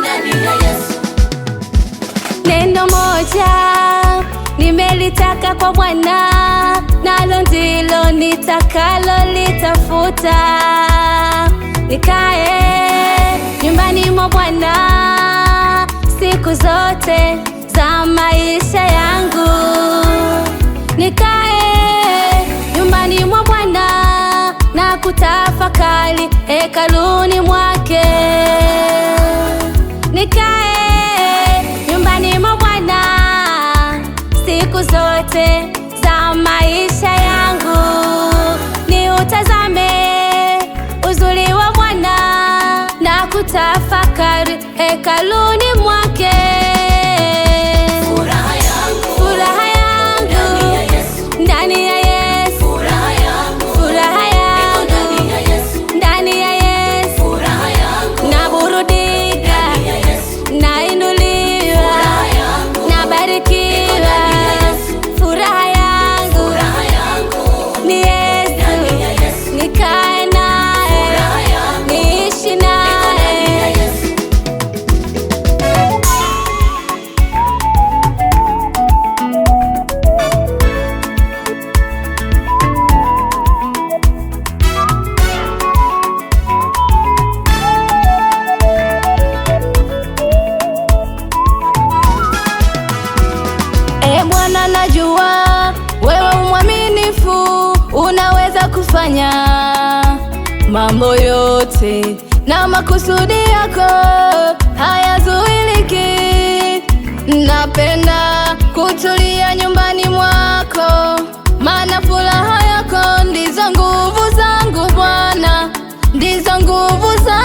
ndani ya Yesu. Neno moja nimelitaka kwa Bwana, nalo ndilo nitakalo litafuta, nikae nyumbani mwa Bwana siku zote za maisha yangu, nikae nyumbani mwa Bwana na kutafakari hekaluni mwake nikae nyumbani mwa Bwana siku zote za maisha yangu, ni utazame uzuri wa Bwana na kutafakari hekaluni kufanya mambo yote na makusudi yako hayazuiliki. Napenda kutulia nyumbani mwako, maana furaha yako ndizo nguvu zangu Bwana, ndizo nguvu zangu.